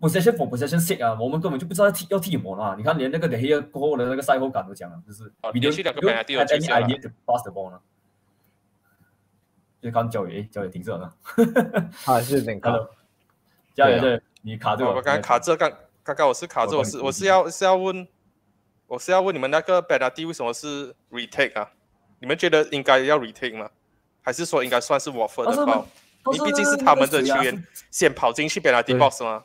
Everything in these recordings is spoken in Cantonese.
position for position six 啊，我們根本就不知道要踢乜啦。你看連那個戴希爾過後的，那個賽後感都講了，就是，因為 I need to pass the ball 啦。又講教練，教練停咗啦。啊， 啊是點 Hello 你卡住了，啊。我剛剛卡住，啊，剛剛剛我是卡住，我是我是要是要問，我是要問你們那個 penalty 為什麼是 retake 啊？你們覺得應該要 retake 嗎？還是說應該算是我分得高？你畢竟是他們的球員，那個啊，先跑進去 penalty box 嗎？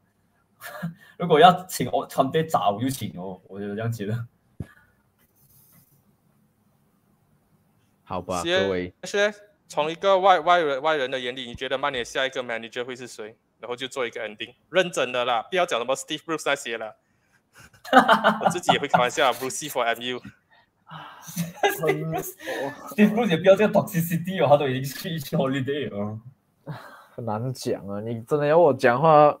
如果要請我，趁啲早我就請我，我就這樣子啦。好吧，各位，其實從一個外外人外人的眼裏，你覺得曼聯下一個 manager 會是誰？然後就做一個 ending，認真的啦，不要講什麼 Steve Bruce 那些啦。 我自己也會開玩笑，Bruce for MU。 Steve Bruce 也不要啲 toxicity 哦，都已經去 holiday 啦。很難講啊，你真的要我講話？